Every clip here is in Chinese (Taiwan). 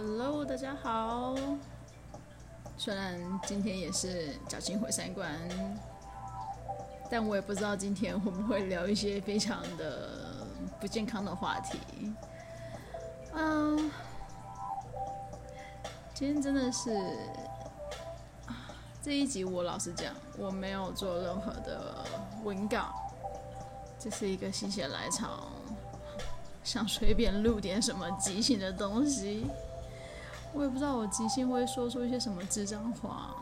Hello，大家好。雖然今天也是僥倖毀三觀，但我也不知道今天會不會聊一些非常的不健康的話題。嗯，今天真的是，這一集我老實講，我沒有做任何的文稿，這，就是一個心血來潮，想隨便錄點什麼即興的東西。我也不知道我即興會說出一些什麼智障話啊。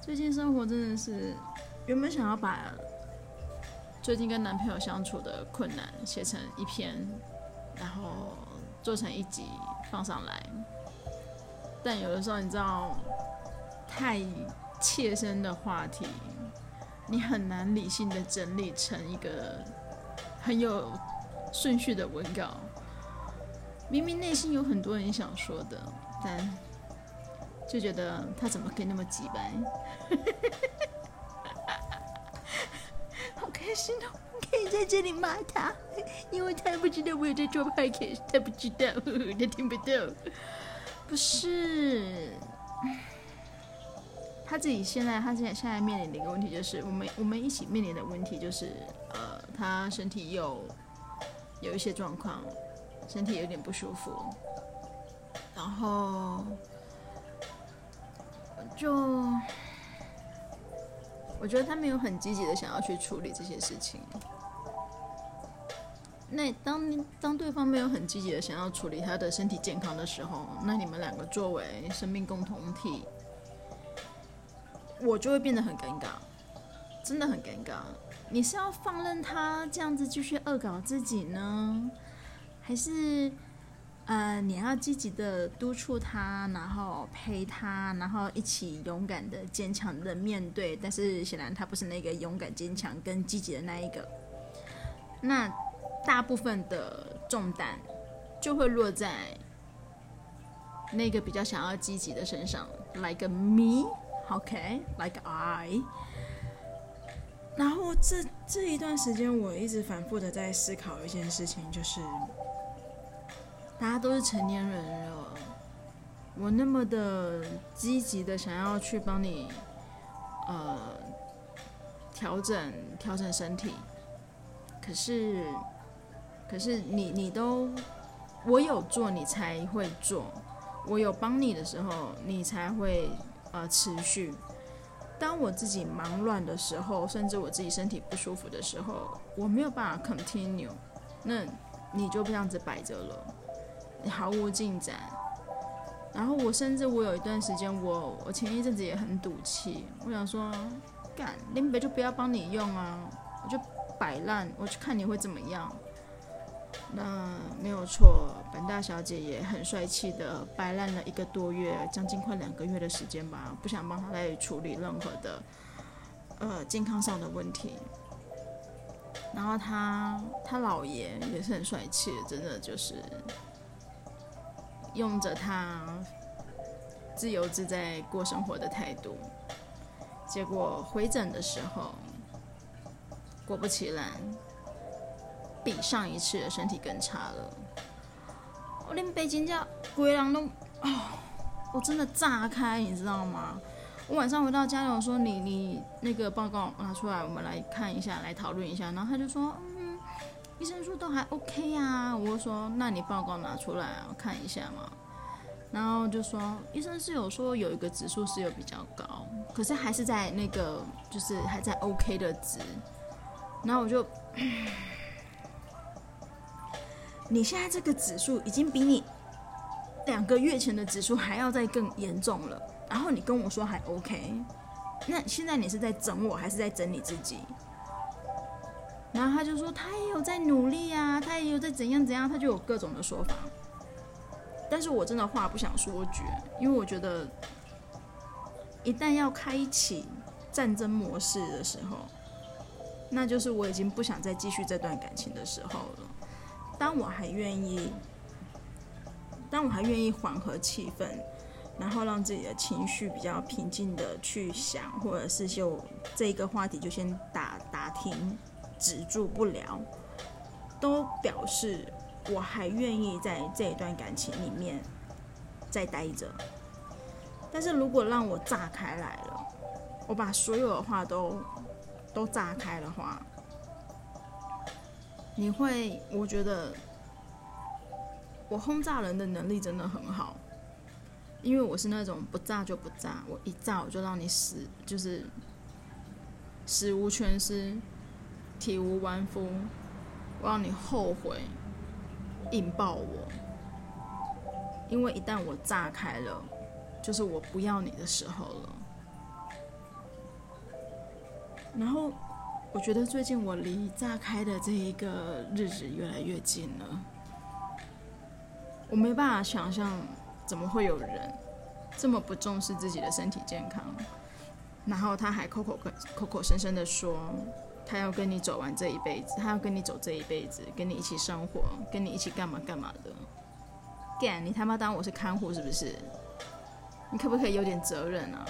最近生活真的是，原本想要把最近跟男朋友相處的困難寫成一篇，然後做成一集放上來。但有的時候你知道，太切身的話題，你很難理性的整理成一個很有順序的文稿。明明內心有很多人想說的，但就覺得他怎麼可以那麼直白，好開心哦！我可以在這裡罵他，因為他不知道我有，有在做 podcast，他不知道， 他聽不到。 不是，他自己現在，他現在現在面臨的一個問題就是，我們我們一起面臨的問題就是，呃，他身體有有一些狀況。身體有點不舒服，然後就我覺得他沒有很積極的想要去處理這些事情。那當當對方沒有很積極的想要處理他的身體健康的時候，那你們兩個作為生命共同體，我就會變得很尷尬，真的很尷尬。你是要放任他這樣子繼續惡搞自己呢？還是，呃，你要積極的督促他，然後陪他，然後一起勇敢的、堅強的面對。但是顯然他不是那個勇敢、堅強跟積極的那一個。那大部分的重擔就會落在那個比較想要積極的身上，Like me，OK？Like I。然後這這一段時間，我一直反復的在思考一件事情，就是。大家都是成年人了，我那麼的積極的想要去幫你，呃，調整調整身體，可是，可是你你都，我有做你才會做，我有幫你的時候你才會呃持續。當我自己忙亂的時候，甚至我自己身體不舒服的時候，我沒有辦法 continue，那你就不這樣子擺着了。毫無進展，然後我甚至我有一段時間，我我前一陣子也很賭氣，我想說，幹林北就不要幫你用啊，我就擺爛，我去看你會怎麼樣。那沒有錯，本大小姐也很帥氣的擺爛了一個多月，將近快兩個月的時間吧，不想幫他來處理任何的呃健康上的問題。然後他他姥爺也是很帥氣，真的就是。用着他自由自在過生活的態度，結果回診的時候，果不其然，比上一次的身體更差了。我連、哦、北京叫龜狼都、哦，我真的炸開，你知道嗎？我晚上回到家裡，我說：“你你那個報告拿出來，我們來看一下，來討論一下。”然後他就說。醫生說都還 OK 呀、啊，我就說，那你報告拿出來我看一下嘛。然後就說醫生是有說有一個指數是有比較高，可是還是在那個就是還在 OK 的值，然後我就你現在這個指數已經比你兩個月前的指數還要再更嚴重了，然後你跟我說還 OK，那現在你是在整我還是在整你自己？然後他就說，他也有在努力啊，他也有在怎樣怎樣，他就有各種的說法。但是我真的話不想說絕，因為我覺得，一旦要開啟戰爭模式的時候，那就是我已經不想再繼續這段感情的時候了。當我還願意，當我還願意緩和氣氛，然後讓自己的情緒比較平靜的去想，或者是就這一個話題就先打打停。止住不了，都表示我還願意在這一段感情裡面再待着。但是如果讓我炸開來了，我把所有的話都都炸開的話，你會？我覺得我轟炸人的能力真的很好，因為我是那種不炸就不炸，我一炸我就讓你死，就是死無全屍。體無完膚，我讓你後悔，引爆我，因為一旦我炸開了，就是我不要你的時候了。然後我覺得最近我離炸開的這一個日子越來越近了，我沒辦法想象怎麼會有人這麼不重視自己的身體健康，然後他還口口口口聲聲的說。他要跟你走完這一輩子，他要跟你走這一輩子，跟你一起生活，跟你一起幹嘛幹嘛的。幹，你他媽當我是看護是不是？你可不可以有點責任啊？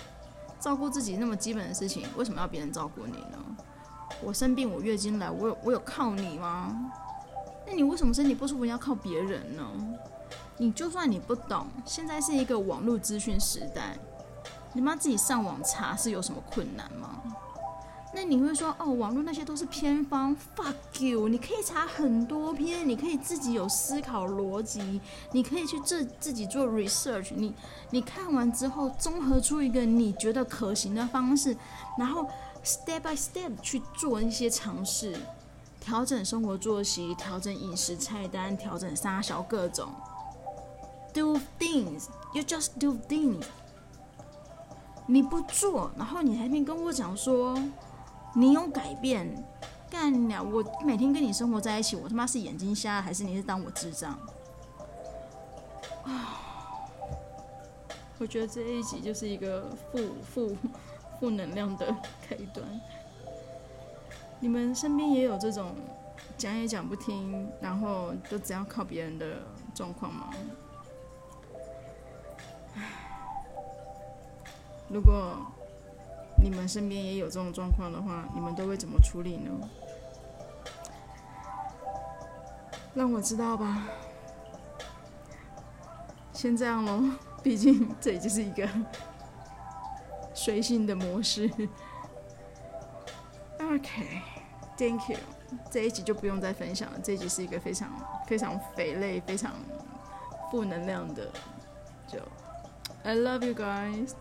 照顧自己那麼基本的事情，為什麼要別人照顧你呢？我生病，我月經來，我有我有靠你嗎？那你為什麼身體不舒服要靠別人呢？你就算你不懂，現在是一個網絡資訊時代，你媽自己上網查是有什麼困難嗎？那你會說哦，網絡那些都是偏方，fuck you！你可以查很多篇，你可以自己有思考邏輯，你可以去自自己做 research，你你看完之後綜合出一個你覺得可行的方式，然後 step by step 去做一些嘗試，調整生活作息，調整飲食菜單，調整三小各種，do things，you just do things，你不做，然後你還沒跟我講說。你有改變幹了？我每天跟你生活在一起，我他媽是眼睛瞎還是你是當我智障？啊！我覺得這一集就是一個負負負能量的開端。你們身邊也有這種講也講不聽，然後就只要靠別人的狀況嗎？如果。你們身邊也有這種狀況的話，你們都會怎麼處理呢？讓我知道吧。先這樣嘍，畢竟這也就是一個隨性的模式。OK，Thank you。這一集就不用再分享了，這一集是一個非常非常肥累、非常負能量的。就 I love you guys。